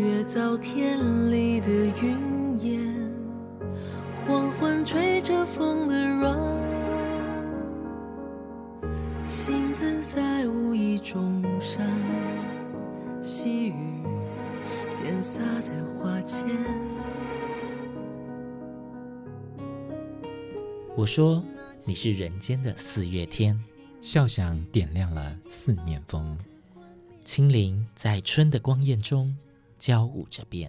月早天裡的雲煙，黃昏吹着風的軟，星子在無意中閃，細雨點灑在花前。我說你是人間的四月天，笑響點亮了四面風，輕靈在春的光艷中交舞這邊，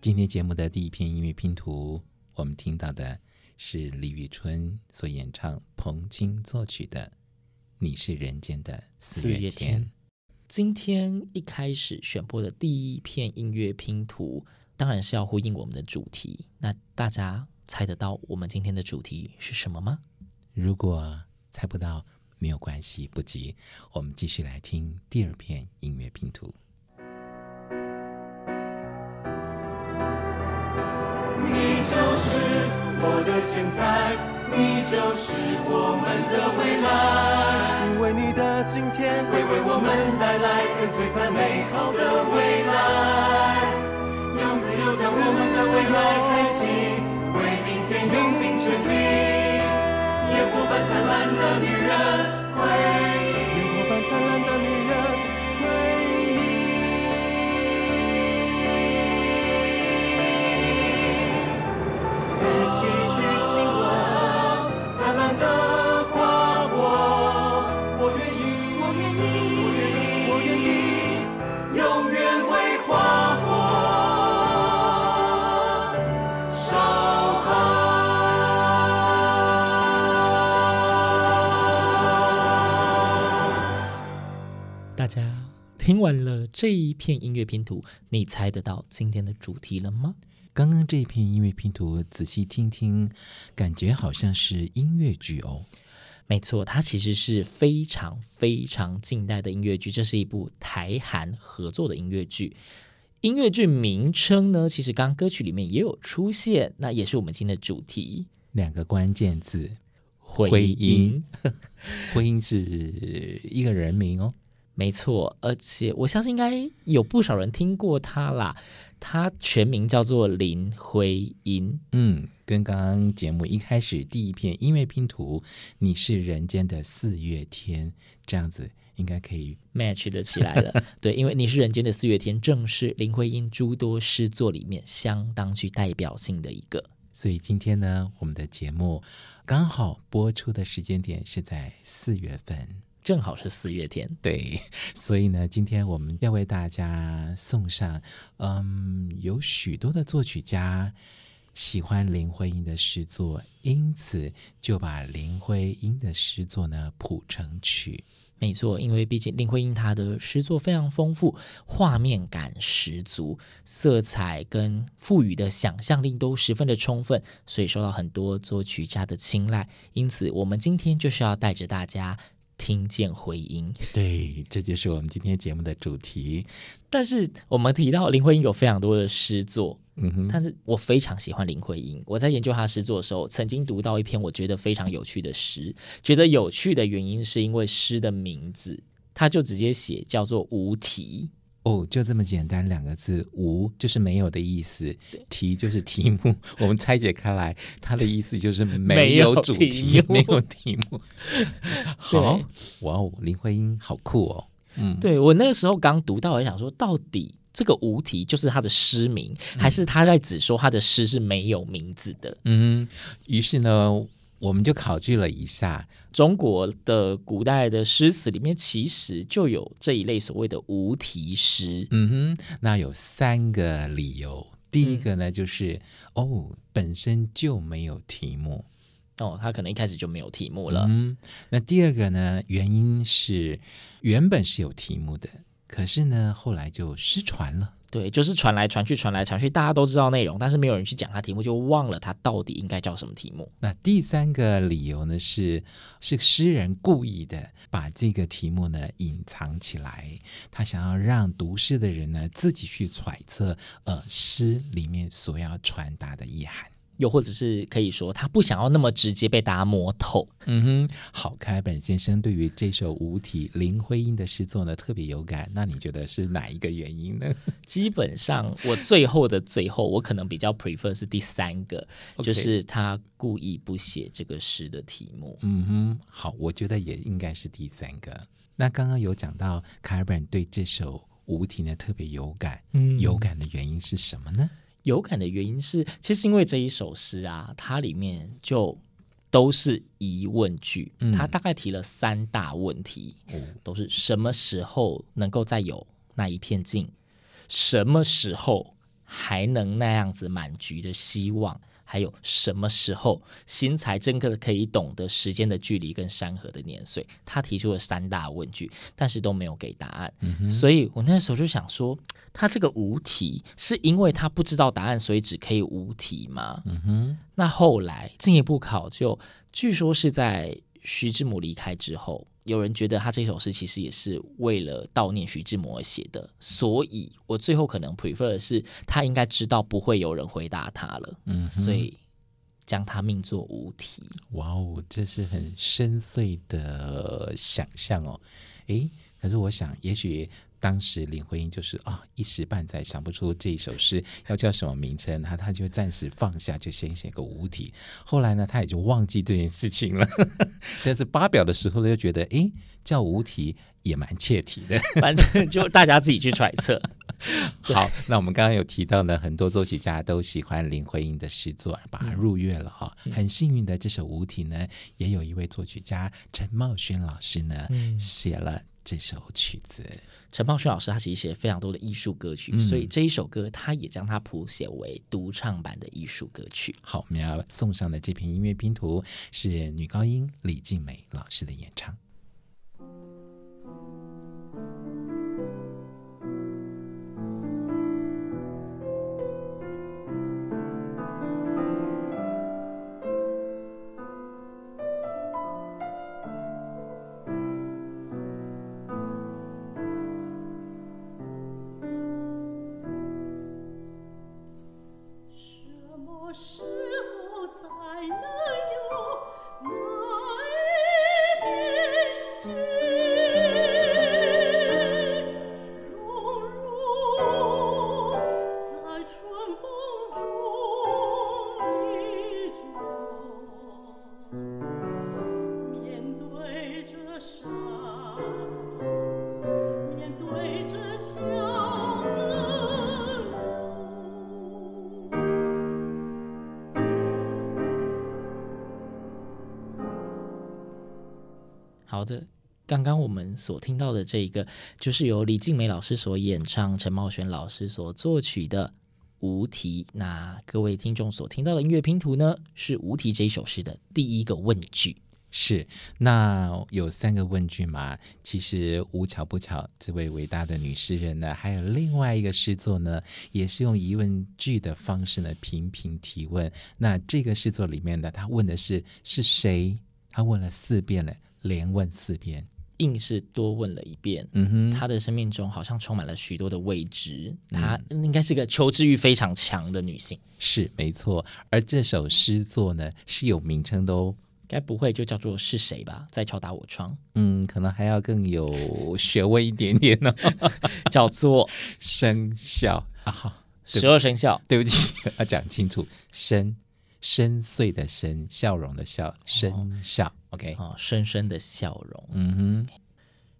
今天節目的第一片音樂拼圖，我們聽到的是李宇春所演唱、彭青作曲的《你是人間的四月天》月天。今天一開始選播的第一片音樂拼圖，當然是要呼應我們的主題，那大家猜得到我們今天的主題是什麼嗎？如果猜不到，沒有關係，不急，我們繼續來聽第二片音樂拼圖。現在你就是我們的未來，因為你的今天會為我們帶來更璀璨美好的未來，用自由將我們的未來開啟，為明天用盡全力。煙火般燦爛的女人。大家聽完了這一片音樂拼圖，你猜得到今天的主題了嗎？剛剛這一片音樂拼圖仔細聽聽，感覺好像是音樂劇哦。沒錯，它其實是非常非常近代的音樂劇，這是一部台韓合作的音樂劇。音樂劇名稱呢，其實剛，剛歌曲裡面也有出現，那也是我們今天的主題。兩個關鍵字：徽音。徽音， 徽音是一個人名哦。沒錯，而且我相信應該有不少人聽過他啦。他全名叫做林徽因，嗯，跟剛剛節目一開始第一篇音樂拼圖《你是人間的四月天》這樣子，應該可以 match 得起來了。 對，因為《你是人間的四月天》正是林徽因諸多詩作裡面相當具代表性的一個。所以今天呢，我們的節目剛好播出的時間點是在四月份。正好是四月天，對，所以呢，今天我們要為大家送上，嗯，有許多的作曲家喜歡林徽因的詩作，因此就把林徽因的詩作呢譜成曲。沒錯，因為畢竟林徽因她的詩作非常豐富，畫面感十足，色彩跟賦予的想象力都十分的充分，所以受到很多作曲家的青睞。因此，我們今天就是要帶着大家。聽見徽音，對，這就是我們今天節目的主題。但是我們提到林徽因有非常多的詩作，嗯哼，但是我非常喜歡林徽因。我在研究她的詩作的時候，曾經讀到一篇我覺得非常有趣的詩，覺得有趣的原因是因為詩的名字，他就直接寫叫做《無題》。哦，oh, 就這麼簡單兩個字，無就是沒有的意思，題就是題目。 我們拆解開來，它的意思就是沒有主題，沒有題目。好，哇哦 對，oh? wow, 林徽因好酷哦。嗯，對，我那個時候剛讀到，我想說，到底這個無題就是他的詩名，還是他在指說他的詩是沒有名字的？嗯，於是呢。我們就考據了一下中國的古代的詩詞裡面，其實就有這一類所謂的無題詩。嗯哼，那有三個理由。第一個呢，嗯、就是哦，本身就沒有題目。哦，他可能一開始就沒有題目了。嗯，那第二個呢，原因是原本是有題目的，可是呢，後來就失傳了。對，就是傳來傳去，傳來傳去，大家都知道內容，但是沒有人去講它題目，就忘了它到底應該叫什麼題目。那第三個理由呢，是是詩人故意的把這個題目呢隱藏起來，他想要讓讀詩的人呢自己去揣測，呃，詩裡面所要傳達的意涵。又或者是可以說，他不想要那麼直接被大家摸透。嗯哼，好，楷爾本先生對於這首無題林徽因的詩作呢特別有感，那你覺得是哪一個原因呢？基本上，我最後的最後，我可能比較 prefer 是第三個， 就是他故意不寫這個詩的題目。嗯哼，好，我覺得也應該是第三個。那剛剛有講到楷爾本對這首無題呢特別有感，嗯,嗯，有感的原因是什麼呢？有感的原因是，其實因為這一首詩啊，它裡面就都是疑問句，它大概提了三大問題，嗯，都是什麼時候能夠再有那一片靜，什麼時候還能那樣子滿局的希望，還有什麼時候心才真的可以懂得時間的距離跟山河的年歲？他提出了三大問句，但是都沒有給答案。嗯、哼所以我那時候就想說，他這個無題是因為他不知道答案，所以只可以無題嗎？嗯、哼那後來進一步考究，據說是在徐志摩離開之後。有人覺得他這首詩其實也是為了悼念徐志摩而寫的，所以我最後可能 prefer 的是，他應該知道不會有人回答他了，嗯哼，所以將他命作無題。哇哦，這是很深邃的想象哦，誒，可是我想，也許。當時林徽因就是啊、哦，一時半載想不出這一首詩要叫什麼名稱，他就暫時放下，就先寫，寫個無題。後來呢，他也就忘記這件事情了。但是發表的時候呢，又覺得誒叫無題也蠻切題的，反正就大家自己去揣測。 對好，那我們剛剛有提到呢，很多作曲家都喜歡林徽因的詩作，把她入樂了哈、哦。嗯、很幸運的這首無題呢，也有一位作曲家陳茂萱老師呢、嗯、寫了。這首曲子，陳茂萱老師他其實寫了非常多的藝術歌曲，嗯、所以這一首歌他也將它譜寫為獨唱版的藝術歌曲。好，我們要送上的這篇音樂拼圖是女高音李靜美老師的演唱。剛剛我們所聽到的這一個，就是由李靜美老師所演唱，陳茂玄老師所作曲的《無題》。那各位聽眾所聽到的音樂拼圖呢，是《無題》這首詩的第一個問句。是，那有三個問句嘛？其實無巧不巧，這位偉大的女詩人呢，還有另外一個詩作呢，也是用疑問句的方式呢，頻頻提問。那這個詩作裡面呢，她問的是是誰？她問了四遍了，連問四遍。硬是多問了一遍，嗯哼，她的生命中好像充滿了許多的未知，嗯、她應該是個求知欲非常強的女性，是沒錯。而這首詩作呢，是有名稱的哦，該不會就叫做是誰吧，在敲打我窗？嗯，可能還要更有學問一點點呢，哦， 叫做 深笑啊，十二生肖，對不起，要講清楚，深深邃的深，笑容的笑，深笑。哦 OK，哦，深深的笑容，嗯哼、mm，hmm.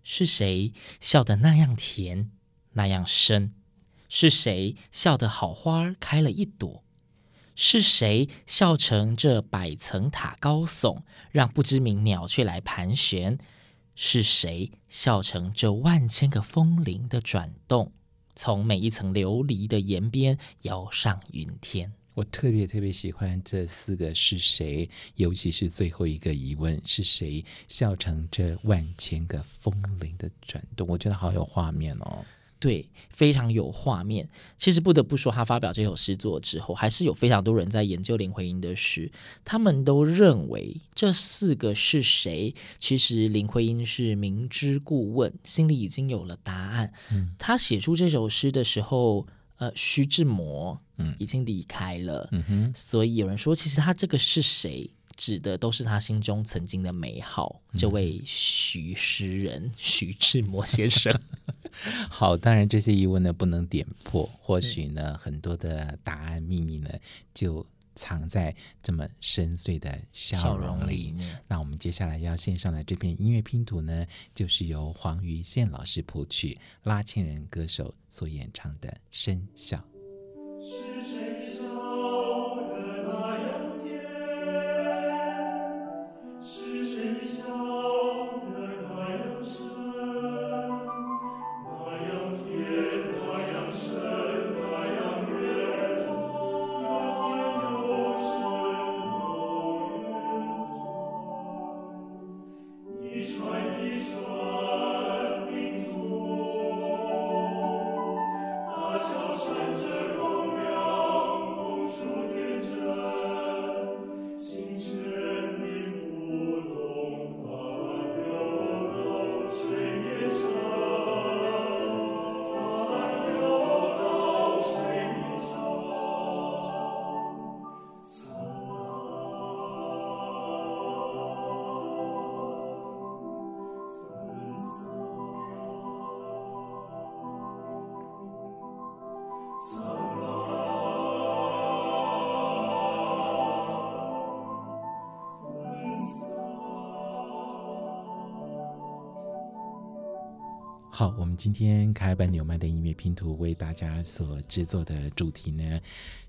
是誰笑得那樣甜，那樣深？是誰笑得好花開了一朵？是誰笑成這百層塔高聳，讓不知名鳥雀來盤旋？是誰笑成這萬千個風鈴的轉動，從每一層琉璃的檐邊搖上雲天？我特別特別喜歡這四個是誰，尤其是最後一個疑問，是誰笑成這萬千個風鈴的轉動，我覺得好有畫面哦。對，非常有畫面。其實不得不說，他發表這首詩作之後，還是有非常多人在研究林徽因的詩，他們都認為這四個是誰。其實林徽因是明知故問，心裡已經有了答案。嗯，他寫出這首詩的時候。呃，徐志摩，嗯，已經離開了，嗯哼，所以有人說，其實他這個是誰，指的都是他心中曾經的美好，嗯、這位徐詩人徐志摩先生。 好，當然這些疑問呢不能點破，或許呢很多的答案秘密呢就。藏在這麼深邃的笑容裡。容嗯、那我們接下來要獻上的這片音樂拼圖呢，就是由黃於憲老師譜曲、拉縴人歌手所演唱的《深笑》。好，我們今天楷爾本紐曼的音樂拼圖，為大家所制作的主題呢，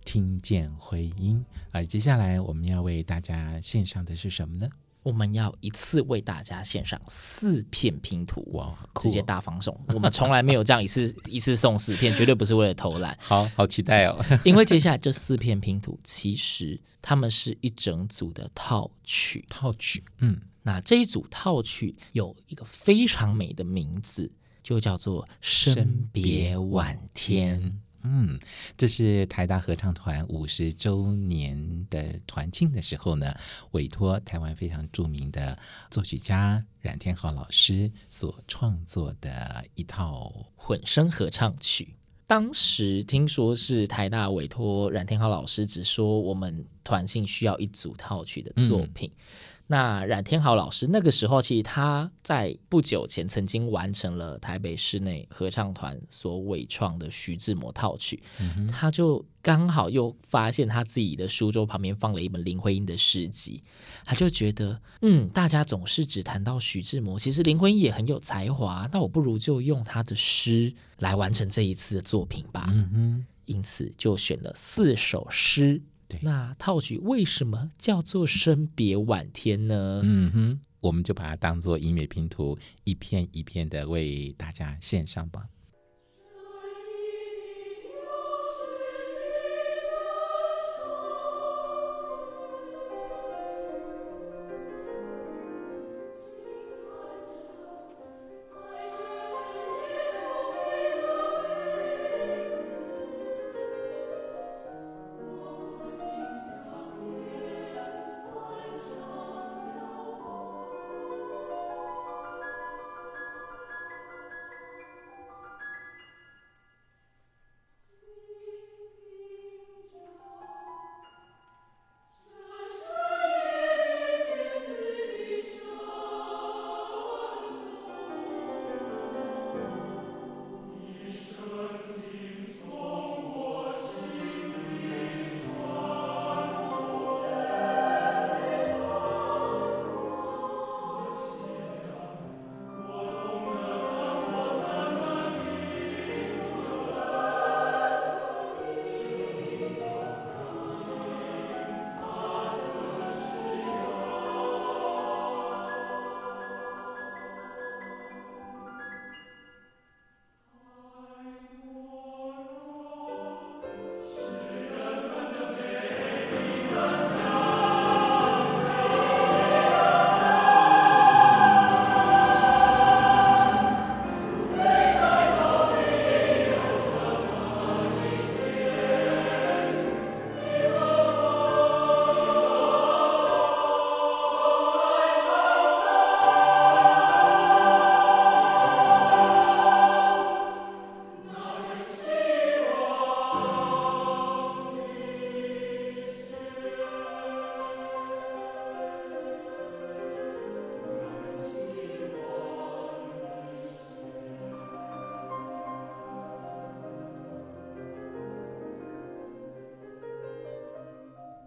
聽見徽音。而接下來我們要為大家獻上的是什麼呢？我們要一次為大家獻上四片拼圖哇，哦、直接大放送。我們從來沒有這樣一次 一次送四片，絕對不是為了偷懶。 好好期待哦， 因為接下來這四片拼圖其實它們是一整組的套曲。套曲，嗯，那這一組套曲有一個非常美的名字。又叫做《升別晚天》，嗯，這是台大合唱團五十周年的團慶的時候呢，委托台灣非常著名的作曲家冉天豪老師所創作的一套混聲合唱曲。當時聽說是台大委托冉天豪老師，只說我們團慶需要一組套曲的作品。嗯那冉天豪老師那個時候，其實他在不久前曾經完成了台北室內合唱團所委創的徐志摩套曲，嗯、哼他就剛好又發現他自己的書桌旁邊放了一本林徽因的詩集，他就覺得，嗯，大家總是只談到徐志摩，其實林徽因也很有才華，那我不如就用他的詩來完成這一次的作品吧，嗯、哼因此就選了四首詩。對那套曲為什麼叫做《生別晚天》呢？嗯哼，我們就把它當做音樂拼圖，一片一片的為大家獻上吧。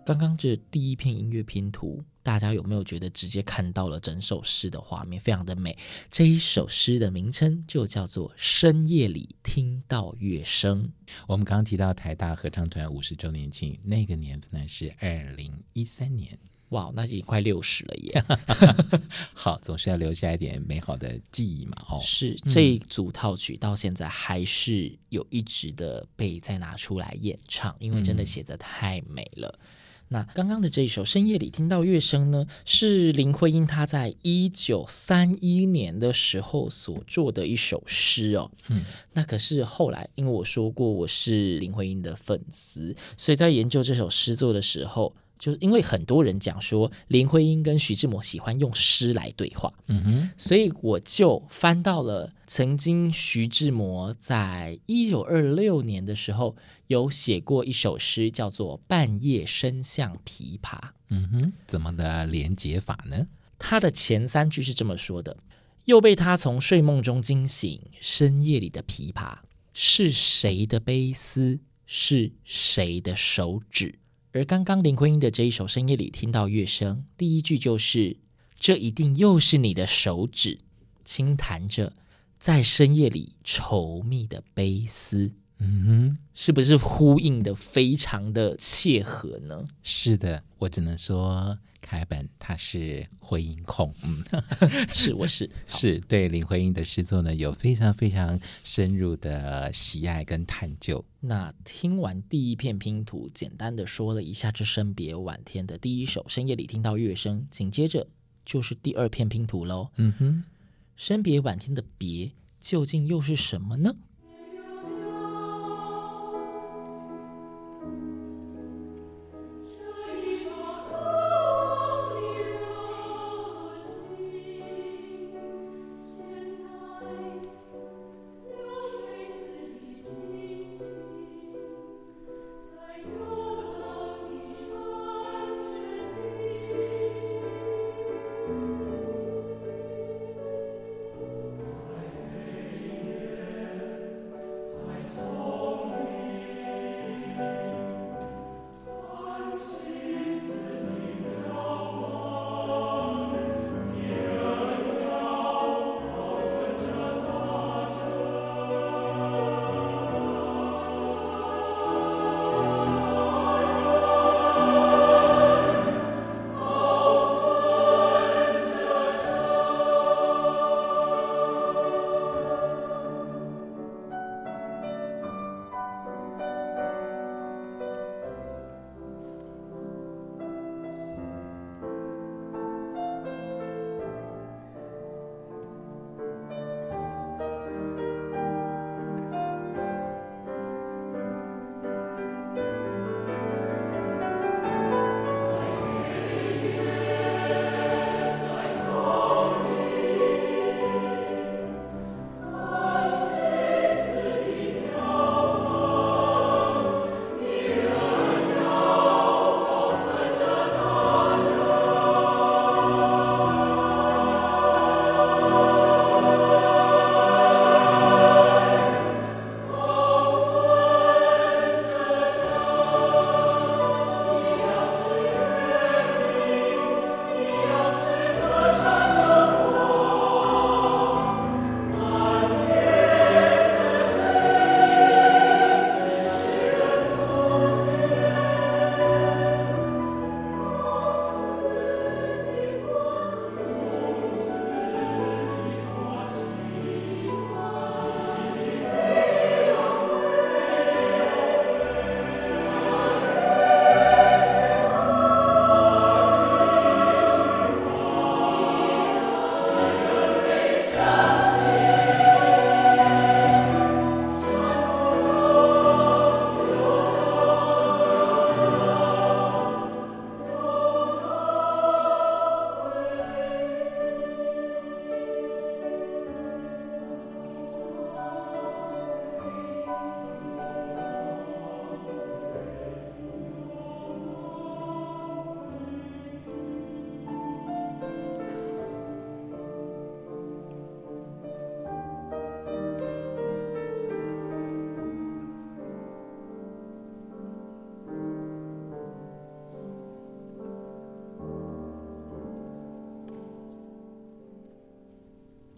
剛剛這第一片音樂拼圖，大家有沒有覺得直接看到了整首詩的畫面，非常的美？這一首詩的名稱就叫做《深夜裡聽到樂聲》。我們剛剛提到台大合唱團五十周年慶，那個年份呢是二零一三年。哇，那已經快六十了耶！ 好，總是要留下一點美好的記憶嘛。哦，是這一組套曲到現在還是有一直的被再拿出來演唱，因為真的寫得太美了。嗯那剛剛的這一首《深夜裡聽到樂聲》呢，是林徽因她在一九三一年的時候所作的一首詩哦。嗯，那可是後來，因為我說過我是林徽因的粉絲，所以在研究這首詩作的時候，就是因為很多人講說林徽因跟徐志摩喜歡用詩來對話，嗯哼，所以我就翻到了曾經徐志摩在一九二六年的時候有寫過一首詩，叫做《半夜深巷琵琶》。嗯哼，怎麼的連結法呢？他的前三句是這麼說的：又被他從睡夢中驚醒，深夜裡的琵琶是誰的悲思？是誰的手指？而剛剛林徽因的這一首《深夜裡聽到樂聲》，第一句就是：“這一定又是你的手指輕彈着，在深夜裡稠密的悲思。”嗯，哼，是不是呼應的非常的切合呢？是的，我只能說，楷爾本他是徽音控，嗯， 是、是，我是是對林徽因的詩作呢有非常非常深入的喜愛跟探究。嗯、哼那聽完第一片拼圖，簡單的說了一下這《深別晚天》的第一首，深夜裡聽到樂聲，緊接着就是第二片拼圖嘍。嗯哼，《深別晚天》的別究竟又是什麼呢？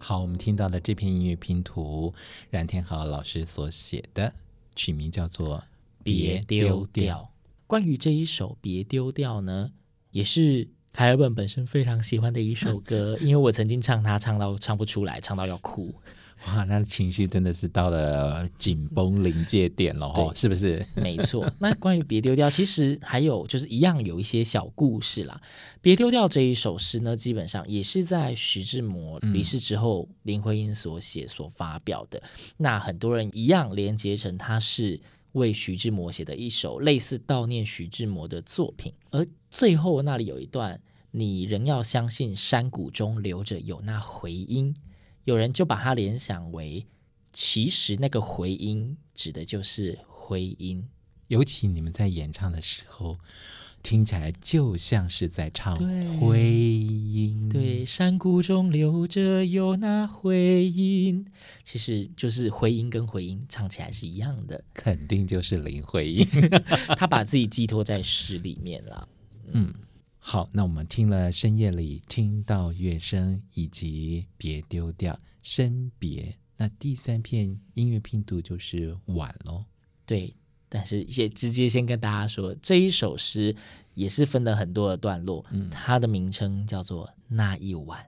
好，我們聽到的這篇音樂拼圖，冉天豪老師所寫的曲名叫做《別丟掉》。關於這一首《別丟掉》呢，也是楷爾本本身非常喜歡的一首歌， 因為我曾經唱它，唱到唱不出來，唱到要哭。哇，那情緒真的是到了緊繃臨界點了哦，對是不是？沒錯。那關於別丟掉， 其實還有就是一樣有一些小故事啦。別丟掉這一首詩呢，基本上也是在徐志摩離世之後，林徽因所寫所發表的。嗯、那很多人一樣連接成，他是為徐志摩寫的一首類似悼念徐志摩的作品。而最後那裡有一段，你仍要相信山谷中留着有那回音。有人就把它聯想為，其實那個回音指的就是回音，尤其你們在演唱的時候，聽起來就像是在唱回音對。對，山谷中留着有那回音，其實就是徽音跟回音唱起來是一樣的。肯定就是林徽因， 他把自己寄托在詩裡面了。嗯。好，那我們聽了深夜裡聽到樂聲，以及別丟掉生別。那第三篇音樂拼讀就是晚嘍。對，但是也直接先跟大家說，這一首詩也是分了很多的段落，嗯、它的名稱叫做那一晚。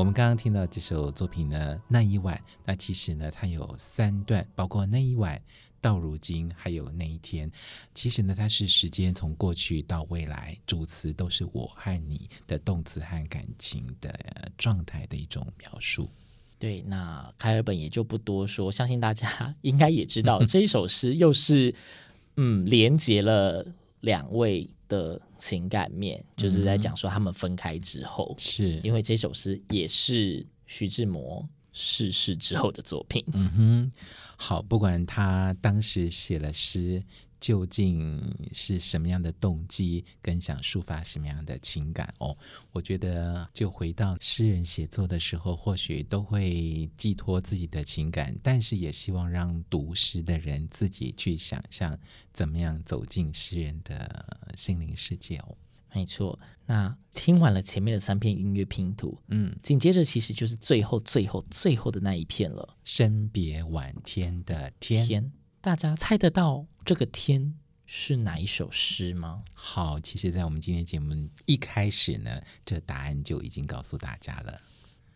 我們剛剛聽到這首作品呢，那一晚，那其實呢，它有三段，包括那一晚到如今，還有那一天。其實呢，它是時間從過去到未來，主詞都是我和你的動詞和感情的狀態的一種描述。對，那楷爾本也就不多說，相信大家應該也知道，這一首詩又是嗯，連接了兩位。的情感面，就是在講說他們分開之後，嗯、是因為這首詩也是徐志摩逝世之後的作品。嗯哼，好，不管他當時寫了詩。究竟是什麼樣的動機，跟想抒發什麼樣的情感哦？我覺得，就回到詩人寫作的時候，或許都會寄托自己的情感，但是也希望讓讀詩的人自己去想象，怎麼樣走進詩人的心靈世界哦。沒錯，那聽完了前面的三片音樂拼圖，嗯，緊接着其實就是最後、最後、最後的那一片了——生別晚天的天，天，大家猜得到。這個天是哪一首詩嗎？好，其實，在我們今天節目一開始呢，這個答案就已經告訴大家了。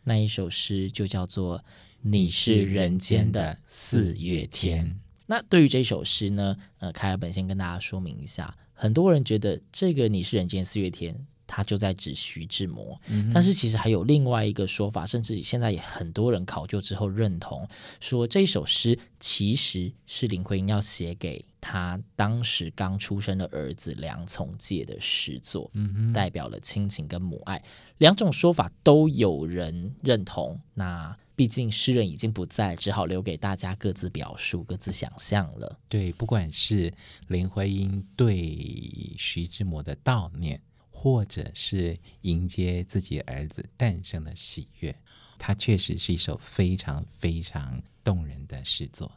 那一首詩就叫做《你是人間的四月天》。天，那對於這首詩呢，呃，楷爾本先跟大家說明一下，很多人覺得這個《你是人間四月天》。他就在指徐志摩，嗯、哼但是其實還有另外一個說法，甚至現在也很多人考究之後認同，說這首詩其實是林徽因要寫給他當時剛出生的兒子梁從誡的詩作，嗯、哼代表了親情跟母愛。兩種說法都有人認同，那畢竟詩人已經不在，只好留給大家各自表述、各自想象了。對，不管是林徽因對徐志摩的悼念。或者是迎接自己兒子誕生的喜悅，它確實是一首非常非常動人的詩作。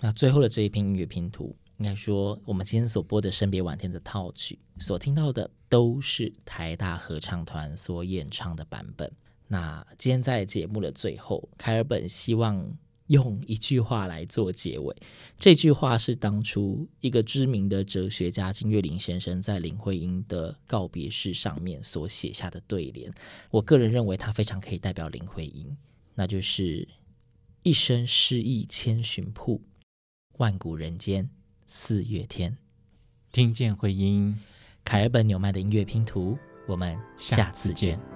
那最後的這一篇音樂拼圖，應該說我們今天所播的《生別晚天》的套曲，所聽到的都是台大合唱團所演唱的版本。那今天在節目的最後，楷爾本希望。用一句話來做結尾，這句話是當初一個知名的哲學家金岳霖先生在林徽因的告別式上面所寫下的對聯。我個人認為他非常可以代表林徽因，那就是“一身詩意千尋瀑，萬古人間四月天”。聽見徽音，凱爾本紐曼的音樂拼圖，我們下次見。